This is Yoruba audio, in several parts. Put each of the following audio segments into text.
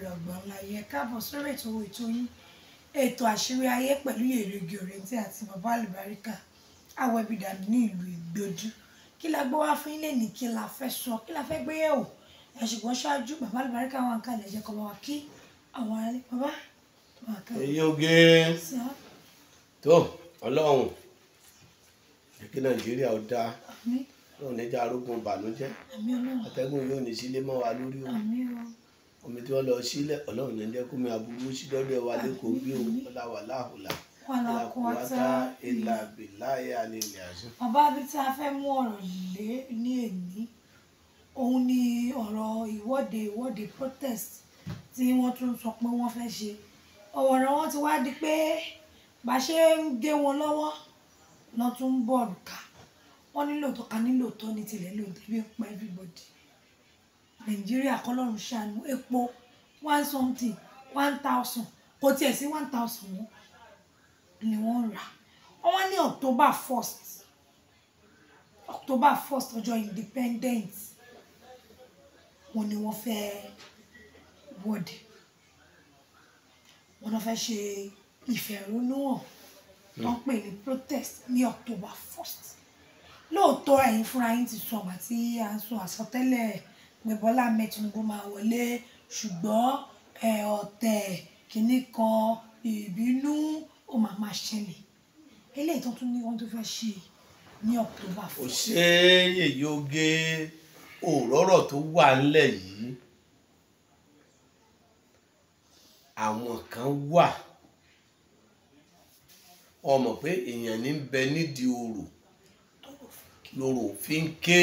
káàkiri ọ̀gbọ̀nla yẹ káàbọ̀ sórí ètò ètò yín ètò àṣírí ayé pẹ̀lú Yerege Oriente àti bàbá àlùbáríkà awẹ́bìdà ní ìlú Ìgbòdú kí la gbọ́ wá fún yín lẹ́nìí kí la fẹ́ sọ kí la fẹ́ gbé yẹ̀wò ẹ̀ṣùgbọ́n ṣáájú bàbá àlùbáríkà wọn kà lẹ́jẹ̀ kọ́ wa kí àwọn alẹ́ bàbá wọn kà. èyí oge tó ọlọ́run kí Nàìjíríà ó dáa náà níjà arógun ìbànújẹ́ àtẹ̀gùn yóò ní sílé mọ́ wa lórí o omi tí wọ́n lọ sílẹ̀ ọlọ́run ní jẹ́ kó mi aburú sí dọ́dọ̀ wa lẹ́kọ̀ọ́ bí òun ọ̀la wà láhùlà làkúwátá ìlà bìláyé alẹ́lẹ́ àṣẹ. bàbá bí tí a fẹ́ mú ọ̀rọ̀ lé ní èní òun ni ọ̀rọ̀ ìwọ́de ìwọ́de protest tí wọ́n tún sọ pé wọ́n fẹ́ ṣe ọ̀rọ̀ wọn ti wá di pé bá ṣe ń gé wọn lọ́wọ́ lọ́ tún ń bọ̀rù ká wọ́n nílò tó ká nílò tó ní tilẹ̀ lóde bí ń pa everybody nàìjíríà kọlọ́run ṣàánú epo one something one thousand kò tiẹ̀ sí one thousand wọn ni wọ́n rà wọ́n ní october first october first ọjọ́ independence wọn ni wọ́n fẹ́ wọ́de wọn náà fẹ́ ṣe ìfẹ̀hónúhàn tó ń pè ní protest ní october first lóòótọ́ ẹ̀yin fúnra yín ti sọ àgbà tí a ń sọ àsọtẹ́lẹ̀ ẹ̀ pé Bọ́lá Ahmed Tinubu máa wọlé ṣùgbọ́n ọ̀tẹ̀ kìíní kan ìbínú ó máa máa ṣẹlẹ̀ eléyìí tó tún ní wọ́n tó fẹ́ ṣe ní October four. ó ṣe é yèyí oge òróró tó wà ńlẹ̀ yìí àwọn kan wà ọmọ pé èèyàn ní bẹ nídìí ọ̀rọ̀ lọ́rọ̀ fi ń ké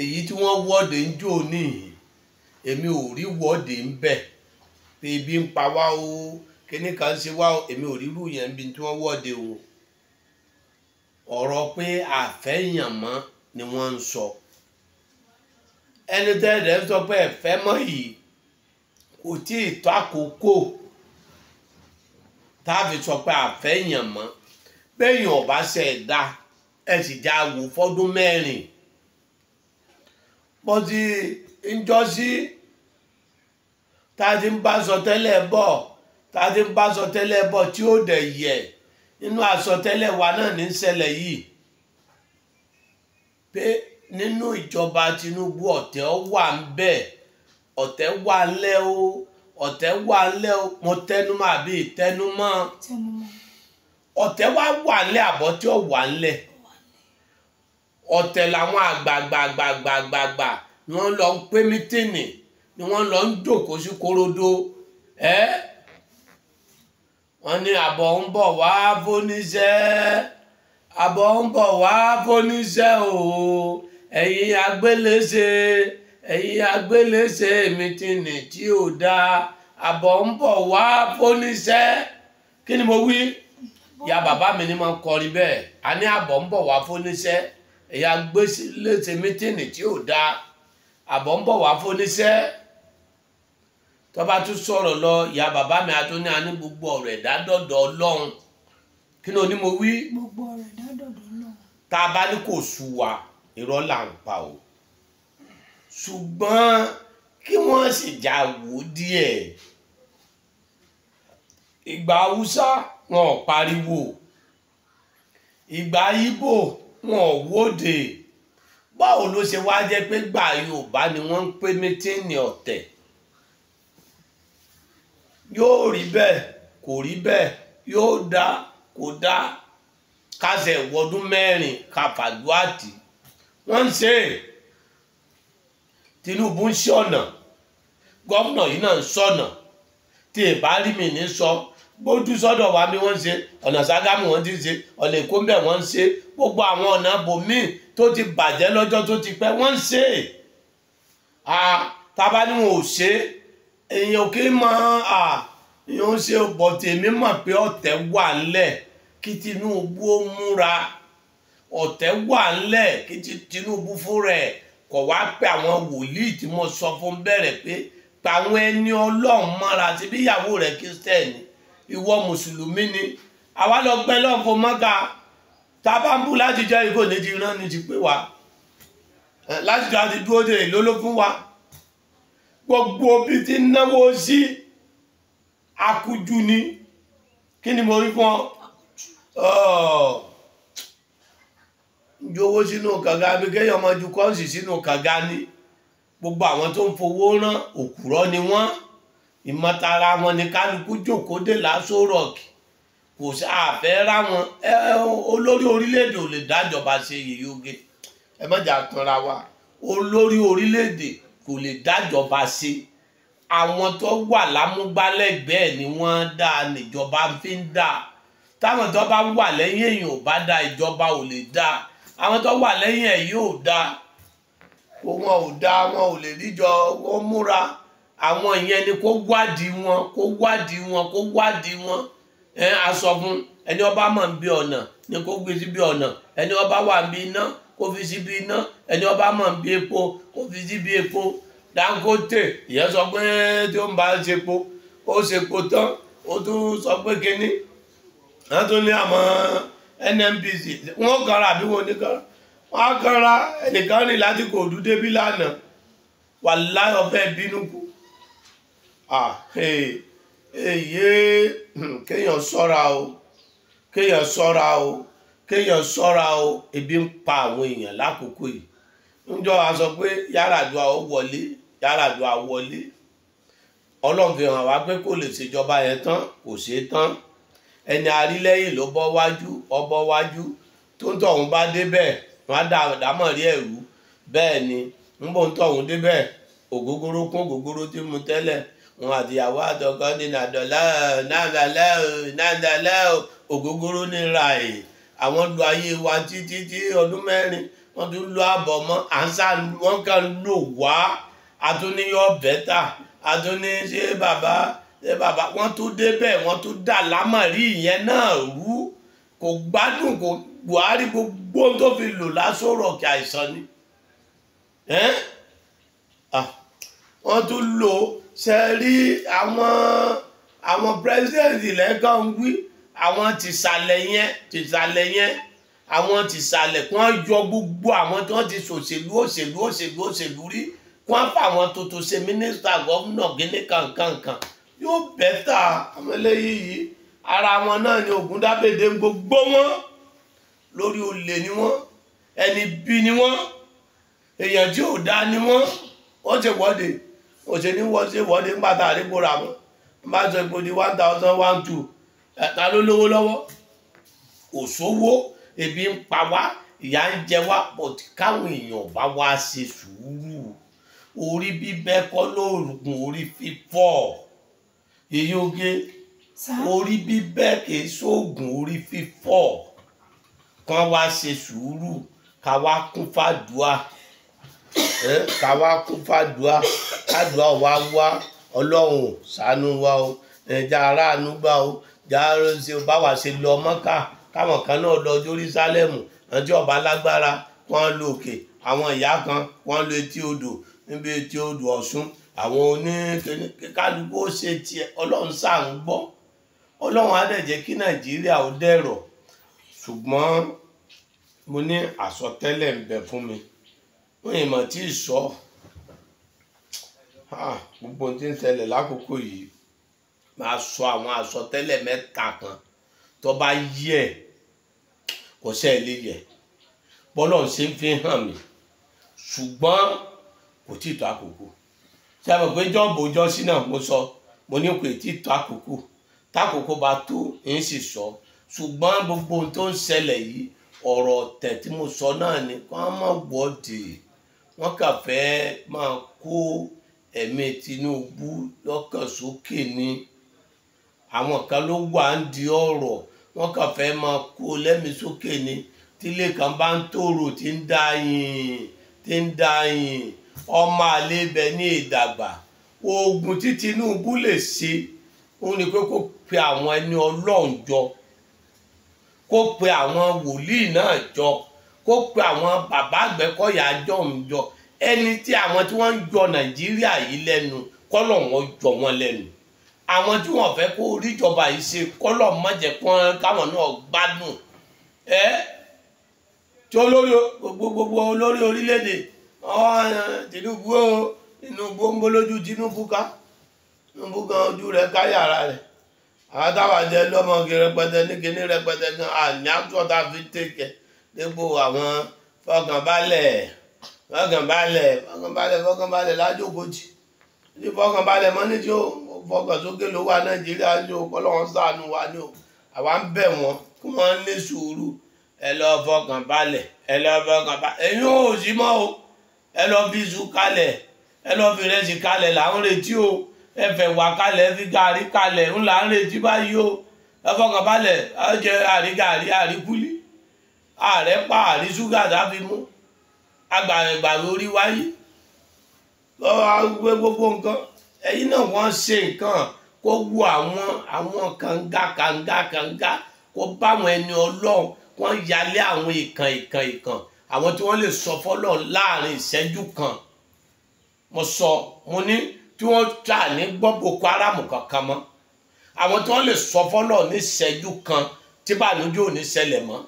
èyí tí wọ́n wọ́de ń jò níhìn èmi ò rí wọ́de ń bẹ̀ ibi ń pa wá o kíní kan ṣe wá o èmi ò rí irú yẹn bí tí wọ́n wọ́de o ọ̀rọ̀ pé àfẹ́yàn mọ́ ni wọ́n ń sọ ẹni tẹ́lẹ̀ ń sọ pé ẹ̀fẹ́ mọ́ yìí kò tí ì tó àkókò táàfin sọ pé àfẹ́yàn mọ́ bẹ́yìn ọ̀bá ṣẹ̀dá ẹ̀ sì já wò fọ́dún mẹ́rin. kpọzi njọzi tàdí ń bá sọtẹ́lẹ̀ bọ̀ tí ó dẹ yẹ nínú àsọtẹ́lẹ̀ wa náà ní sẹlẹ yìí pé nínú ìjọba Tinubu ọ̀tẹ̀ wà ń bẹ̀ wà lẹ́ o ọ̀tẹ̀ wà lẹ́ o mo àbí wà wà ọ̀tẹ̀ làwọn àgbààgbààgbààgbààgbà ni wọ́n lọ ń pé mítìnì ni wọ́n lọ ń jókòó sí korodo ẹ́ wọ́n ní àbọ̀ ń bọ̀ wá fóníṣẹ́ àbọ̀ ń bọ̀ wá fóníṣẹ́ o ẹ̀yin agbéléṣe ẹ̀yin agbéléṣe mítìnì tí ò dáa àbọ̀ ń bọ̀ wá fóníṣẹ́ kí ni mo wí ìyá bàbá mi ni mo ń kọrin bẹ́ẹ̀ a ní àbọ̀ ń bọ̀ wá fóníṣẹ́ ẹ̀yà gbé léṣe mítìnì tí ò dáa àbọ̀ ń bọ̀ wá fóníṣẹ́ tọ́ba tún sọ̀rọ̀ lọ ìyá bàbá mi àti oní àní gbogbo ọ̀rọ̀ ẹ̀dá dọ̀dọ̀ ọlọ́run kí ni oní wí. gbogbo ọ̀rọ̀ ẹ̀dá dọ̀dọ̀ ọlọ́run. tá a bá ní kò sú wa irọ́ là ń pa o ṣùgbọ́n kí wọ́n sì já wò díẹ̀ ìgbà haúsá wọn ò pariwo ìgbà ibo wọn ò wóde báwo ló ṣe wá jẹ́ pé gbà Yorùbá ni wọ́n ń pè mítìnì ọ̀tẹ̀ yóò rí bẹ́ẹ̀ kò rí bẹ́ẹ̀ yóò dá kò dá kásẹ̀ wọdún mẹ́rin kàfàdúàtì wọ́n ń ṣe Tinubu ń ṣọ̀nà gómìnà yìí náà ń ṣọ̀nà tí ìbá mi ní sọ. So gbójú sọ́dọ̀ wa bí wọ́n ṣe ọ̀nà Ṣàgámù wọ́n ti ṣe ọ̀nà Èkó ń bẹ̀ wọ́n ṣe gbogbo àwọn ọ̀nà bòmíì tó ti bàjẹ́ lọ́jọ́ tó ti pẹ́ wọ́n ṣe à tábà ní wọn ò ṣe èèyàn kì í mọ à èèyàn ń ṣe bọ̀ tèmi mọ̀ pé ọ̀tẹ̀ wà ńlẹ̀ kí Tinubu ó múra ọ̀tẹ̀ wà ńlẹ̀ kí Tinubu fúnra ẹ̀ kọ̀ wá pé àwọn wòlíì tí mo sọ fún bẹ̀rẹ̀ pé pàwọn ẹni ọlọ́run mọ́ra síbí ìyàwó rẹ̀ Kristẹni ìwọ mùsùlùmí ni àwa lọ gbẹ lọ́nfọ mọ́gà tá a bá ń bù láti jẹ́ ìgò ní ti rán ni ti pé wá láti jọ àti dúró de ìlóló fún wa gbogbo bí ti náwó sí akuju ni kí ni mo rí fún ọ jowó sínú kànga bí kéèyàn máa ju kọ́ọ̀sì sínú kànga ni gbogbo àwọn tó ń fowó rán òkúrọ́ ni wọ́n ìmọ̀tara wọn ni kálukú jòkóde lásò rock kò sí àfẹ́ ráwọn olórí orílẹ̀-èdè ò lè dájọba ṣe yèyóge ẹ má jà tanra wa olórí orílẹ̀-èdè kò lè dájọba ṣe àwọn tó wà lámúgbálẹ́gbẹ̀ẹ́ ni wọ́n dá níjọba fi ń dá táwọn tó bá wà lẹ́yìn èèyàn ò bá dá ìjọba ò lè dá àwọn tó wà lẹ́yìn ẹ̀ yóò dá wọn ò dá wọn ò lè ríjọ wọn múra àwọn ìyẹn ni kó wádìí wọn kó wádìí wọn kó wádìí wọn ẹ aṣọ fún ẹni ọba mọ̀ ń bí ọ̀nà ni kó gbé síbi ọ̀nà ẹni ọba wà ń bí iná kó fi síbi iná ẹni ọba mọ̀ ń bí epo kó fi síbi epo Dangote ìyẹn sọ pé tí ó ń bá ṣepo ó ṣepo tán ó tún sọ pé kínní wọn tún ní àmọ́ NNPC wọn kanra àbí wọn ní wọn kanra ẹnìkan rìn láti kò dúdé bí lánàá wàláyọ̀ fẹ́ bínú kú èyí kéèyàn ṣọ́ra o kéèyàn ṣọ́ra o kéèyàn o ebi ń pa àwọn èèyàn lákòókò yìí níjọ́ a sọ pé Yar'Adua ó wọlé Yar'Adua wọlé hàn wá pé kò lè ṣèjọba yẹn tán kò ṣeé tán ẹni arílẹ́yìn ló bọ́ wájú ọbọ̀ wájú tó ń tọ̀hún bá á dá ẹ̀rú bẹ́ẹ̀ ni wọn àtìyàwó àtọkọ ní nàdọlá nàdàlá nàdàlá ògógóró ní ràì àwọn lu ayé wa títí tí ọdún mẹ́rin wọn tún lu àbọ̀ mọ́ àṣà wọn kàn lò wá àtúnyọ bẹta àtúní ṣé bàbá ṣé bàbá wọn tún débẹ̀ wọn tún dà lámàrí ìyẹn náà rú kò gbádùn kò Buhari gbogbo tó fi lò lásòrò kí àìsàn ni wọ́n tún lò ṣe rí àwọn àwọn president lẹ́gàn wí àwọn tìsàlẹ̀ yẹn tìsàlẹ̀ yẹn àwọn tìsàlẹ̀ kí wọ́n yọ gbogbo àwọn tí wọ́n ti ṣòṣèlú òṣèlú òṣèlú òṣèlú rí kí wọ́n fà àwọn tuntun ṣe mínísítà gọ́vùnà gíní kankankan yóò bẹ́tà àwọn eléyìí yìí ara wọn náà ni Ògúndábèdé gbogbo wọn lórí olè ni wọn ẹni bí ni wọn èèyàn tí ò dá ni wọn wọ́n ti wọ́de òṣèlú wọ́n ṣe wọ́n ní pátá àdínkù ra mọ́ bá sọ epo di one thousand one two ta ló lówó lọ́wọ́ òṣòwò ebi ń pa wá ìyà ń jẹ wá pọ̀ káwọn èèyàn bá wá ṣe sùúrù orí bíbẹ́ kọ́ lóògùn orí fífọ́ èyí oge orí bíbẹ́ kì í ṣoògùn orí fífọ́ kan wá ṣe sùúrù ká wá kún fàdúà ká wá kún fàdúà kádùá wá wá ọlọ́run ṣàánú wa o ẹ̀já aráàánú gbà o jáàrò ṣe o bá wà ṣe lọ mọ́kà káwọn kan náà lọ Jerúsálẹ́mù ọjọ́ ọba lágbára wọ́n lo òkè àwọn ìyá kan wọ́n lo etí odò níbi etí odò Ọ̀ṣun àwọn oníkálukú ó ṣe tiẹ̀ ọlọ́run sáà ń gbọ́ ọlọ́run á dẹ̀ jẹ́ kí nàìjíríà ó dẹ̀rọ̀ ṣùgbọ́n mo ní àsọtẹ́lẹ̀ ń bẹ fún mi wọn ìmọ̀ tí ì sọ gbogbo ohun tí ń ṣẹlẹ̀ lákòókò yìí máa sọ àwọn àsọtẹ́lẹ̀ mẹ́ta kan tó bá yí ẹ̀ kò sẹ́ ẹ lè yẹ bọ́lọ̀ ń ṣe fi hàn mí ṣùgbọ́n kò tí ì tó àkókò ṣe àmọ̀ pé jọ́ọ̀bù jọ́sí náà mo sọ mo ní kò tí ì tó àkókò tákòókò bá tó ń sì sọ ṣùgbọ́n gbogbo tó ń ṣẹlẹ̀ yìí ọ̀rọ̀ ọ̀tẹ̀ tí mo sọ náà ni kó má wọ́ọ̀dì wọ́n kàn fẹ́ máa kó ẹ̀mí Tinubu lọ́kàn sókè ni àwọn kan ló wà ń di ọ̀rọ̀ wọ́n kàn fẹ́ máa kó lẹ́mí sókè ni tílé kan bá ń tòrò tí ń dá yìn tí ń dá yìn ọmọ àlebẹ ní ìdàgbà oògùn tí Tinubu lè ṣe òun ni pé kó pe àwọn ẹni Ọlọ́run jọ kó pe àwọn wòlíì náà jọ kó pe àwọn bàbá Àgbẹ̀kọ̀yà jọ̀ǹjọ ẹni tí àwọn tí wọ́n ń jọ Nàìjíríà yìí lẹ́nu kọ́lọ̀ wọn jọ wọn lẹ́nu àwọn tí wọ́n fẹ́ kó oríjọba yìí ṣe kọ́lọ̀ mọ̀jẹ̀ kan káwọn náà gbádùn ẹ tí olórí gbogbo olórí orílẹ̀-èdè Tinubu o Tinubu ń bolójú Tinubu ká Tinubu gan ojú rẹ̀ ká yàrá rẹ̀ àwọn táwọn jẹ lọ́mọ kí rẹpẹtẹ ní kíní rẹpẹtẹ gan àní àtúntà fi tẹ̀kẹ́ dépò àwọn fọkànbalẹ̀ fọkànbalẹ̀ fọkànbalẹ̀ fọkànbalẹ̀ lájókòjì ní fọkànbalẹ̀ mọ́ ní tí ó fọkàn sókè ló wà nàìjíríà ní o kọ́lọ́wọ́n ṣàánú wa ní o àwa ń bẹ̀ wọ́n kí wọ́n ní sùúrù ẹ lọ fọkànbalẹ̀ ẹ lọ fọkànbalẹ̀ ẹ̀yin ò sí mọ́ o ẹ lọ fi iṣu kalẹ̀ ẹ lọ fi ìrẹsì kalẹ̀ là ń retí o ẹ fẹ̀wà kalẹ̀ fi gàrí kalẹ̀ ń là ń retí báyìí o ẹ fọkànbalẹ̀ ẹ jẹ àrígàrí àríkúlí ààrẹ pa àrí ṣúgà dábì mú agbàgbàgbà orí wáyé lọ́wọ́ gbé gbogbo nǹkan ẹ̀yin náà wọ́n ṣe nǹkan kó wu àwọn àwọn kànga kànga kànga kó bá àwọn ẹni ọlọ́run wọ́n yálé àwọn ìkàn ìkàn ìkàn àwọn tí wọ́n lè sọ fọ́lọ́ láàrin ìṣẹ́jú kan mo sọ mo ní tí wọ́n tà ní gbọ́ boko haram kankan mọ́ àwọn tí wọ́n lè sọ fọ́lọ́ ní ìṣẹ́jú kan tí bàánújẹ́ ò ní ṣẹlẹ̀ mọ́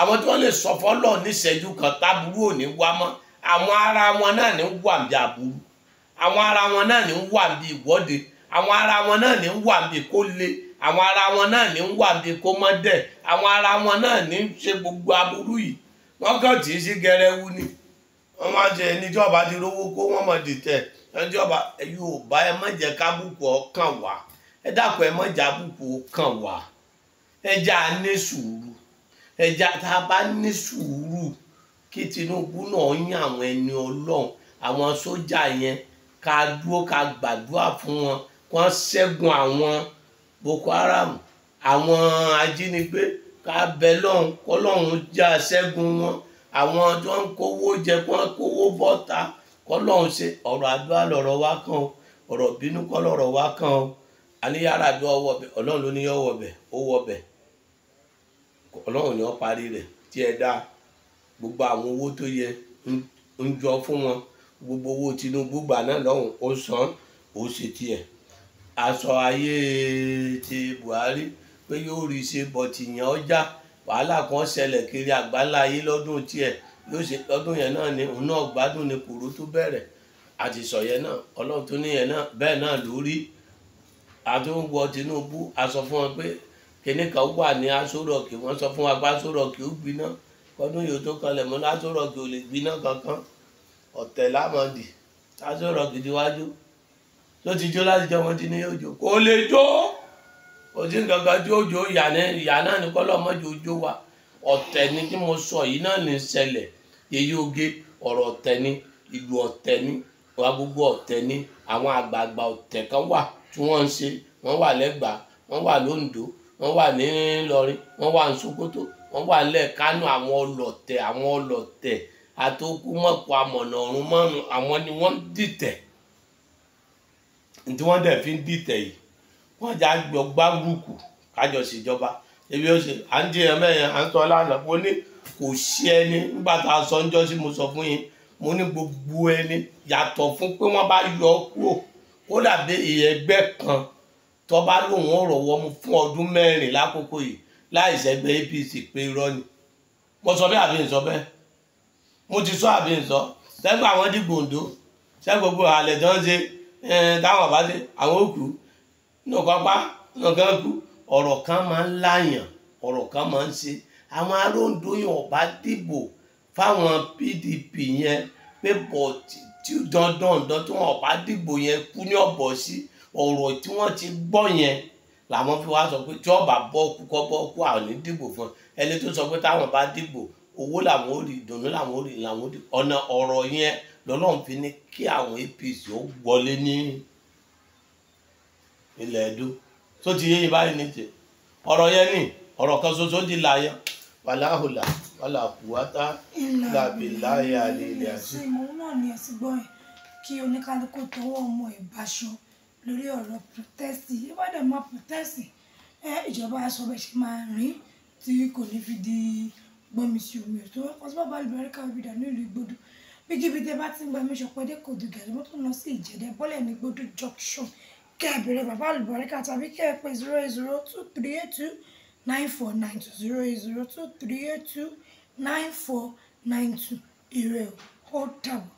àwọn tí wọ́n lè sọ fọ́lọ̀ níṣẹ́jú kan táburú ò ní wá mọ́ àwọn ara wọn náà ní wà bí aburú àwọn ara wọn náà ní wà bí ìwọ́de àwọn ara wọn náà ní wà bí kó le àwọn ara wọn náà ní wà bí kó mọ́ dẹ̀ àwọn ara wọn náà ní ṣe gbogbo aburú yìí wọ́n kàn tí í sí gẹrẹwu ni wọ́n máa ṣe ẹni tí ọba ti rówó kó wọ́n mọ̀ dìtẹ̀ ẹni tí ọba Yorùbá ẹ má jẹ́ kábùkù ọkàn wá ẹ dákun ẹ má jẹ́ àbùkù ọkàn wá ẹ jẹ́ àní sùúrù ẹja tá a bá ní sùúrù kí Tinubu náà yàn àwọn ẹni Ọlọ́run àwọn sójà yẹn ká dúró ká gbàdúrà fún wọn kó ṣẹ́gun àwọn Boko Haram àwọn ajínigbé ká bẹ lọ́hùn kọ́lọ́hùn já ṣẹ́gun wọn àwọn tó ń kówó jẹ kó ń kówó bọ́ta kọ́lọ́hùn ṣe ọ̀rọ̀ àdúrà lọ̀rọ̀ wá kàn ó bínú kọ́ wá kàn aníyàrá àdúrà ọwọ́ bẹ̀ ọlọ́run ló ní yọ wọ̀ bẹ̀ ó ọlọ́run ni wọ́n parí rẹ̀ tí ẹ dá gbogbo àwọn owó tó yẹ ń jọ fún wọn gbogbo owó Tinubu gbà náà lọ́hùn ó san ó ṣe tiẹ̀ aṣọ ayé ti Buhari pé yóò rí ṣe bọ̀tì yẹn ọjà wàhálà kan ṣẹlẹ̀ kiri àgbálá ayé lọ́dún tiẹ̀ yóò ṣe lọ́dún yẹn náà ni òun náà gbádùn ni kòró tó bẹ̀rẹ̀ àti sọ yẹn náà ọlọ́run tó ní yẹn náà bẹ́ẹ̀ náà lórí àtúnwò Tinubu a fún wọn pé kinní kan wà ní asórọ̀kì wọ́n sọ fún wa pé asórọ̀kì ó gbiná kọ́dún yìí tó kanlẹ̀ mọ́ asórọ̀kì ò lè gbiná kankan ọ̀tẹ̀ lámọ̀dì asórọ̀kì ti wájú tó ti jó láti jọmọ tí ní òjò kò lè jó kò sí tí òjò ìyà náà ní kọ́lọ́ mọ́jọ òjò wa ọ̀tẹ̀ ni tí mo sọ yìí náà ní ṣẹlẹ̀ yeye oge ọ̀rọ̀ ọ̀tẹ̀ ni ìlú ọ̀tẹ̀ ni wa gbogbo ọ̀tẹ̀ ni àwọn àgbààgbà ọ̀tẹ̀ kan wà tí wọ́n ń ṣe wọ́n wà lẹ́gbàá wọ́n wà lóńdó wọ́n wà ní Ìlọrin wọ́n wà ní Sokoto wọ́n wà nílẹ̀ Kánò àwọn ọlọ̀tẹ̀ àwọn ọlọ̀tẹ̀ àtòkùmọ̀pọ̀ amọ̀nà ọ̀run márùn àwọn ni wọ́n dìtẹ̀ tí wọ́n dẹ̀ fi ń dìtẹ̀ yìí wọ́n jà gbọ́ gbárùkù kájọ ṣèjọba ebi ó ṣe à ń jiyàn mẹ́yìn à ń sọ lánàá mo ní kò sí ẹni nígbà tá a sọ ń jọ́sí mo sọ fún yín mo ní gbogbo ẹni yàtọ̀ fún pé wọ́n bá yọ kúrò kódà bí ìyẹn ẹgbẹ́ kan tó bá lóun ọ̀rọ̀ wọ́n mu fún ọdún mẹ́rin lákòókò yìí láì sẹ́gbẹ́ APC pé irọ́ ni mo sọ bẹ́ẹ̀ àbí nsọ bẹ́ẹ̀ mo ti sọ àbí nsọ sẹ́gbẹ́ àwọn dìgbò ǹdó sẹ́gbẹ́ gbogbo àlẹ́ tó ń ṣe táwọn bá ṣe àwọn òkú nǹkan pa nǹkan kú ọ̀rọ̀ kan máa ń láyàn ọ̀rọ̀ kan máa ń ṣe àwọn aróńdóyìn ọ̀bá dìbò fáwọn PDP yẹn pé bọ̀ tí dandan dandan tí wọn ọ̀bá dìbò yẹn kú ní ọ̀bọ̀ sí. Si ọ̀rọ̀ tí wọ́n ti gbọ́ yẹn làwọn fi wá sọ pé tí ọba bọ́ kú kọ́ bọ́ kú àwọn ní dìbò fún ẹ ẹni tó sọ pé táwọn bá dìbò owó làwọn ò rí ìdùnnú làwọn ò rí làwọn ò rí ọ̀nà ọ̀rọ̀ yẹn lọ́lọ́run fi ní kí àwọn APC ó wọlé ní ilẹ̀ Ẹdó tó ti yéyìn báyìí níjẹ ọ̀rọ̀ yẹn ni ọ̀rọ̀ kan ṣoṣo di láyà wàláhùlà wàlàkùwátá làbìláyà lè lè àṣẹ. ìlànà ìṣègùn náà ni ẹ̀sìn gbọ́ yẹn kí oníkálukú tọwọ́ ọmọ ẹ̀ bá ṣọ́ lórí ọ̀rọ̀ protest yìí wọ́n dẹ̀ mọ protest ẹ ìjọba aṣọ bẹ́ẹ̀ ṣe máa rìn tí kò ní fi di gbọ́mi sí omi ọ̀tún wọn kọ́sí bàbá àlùbáríkà òbídà nílùú ìgbòdò bíkíbitẹ́ bá ti ń gba mẹ́sàn pé dẹ́kọ̀ òdù gàdé mọ́tò lọ sí ìjẹ̀dẹ̀ bọ́lẹ̀ ní gbòdò junction kẹ́ẹ̀bẹ̀rẹ̀ bàbá àlùbáríkà tàbí kẹ́ẹ̀pẹ́ zero eight zero two three eight two nine four nine two zero eight zero two three eight two nine four nine two ìrẹ̀ ó dàbọ̀.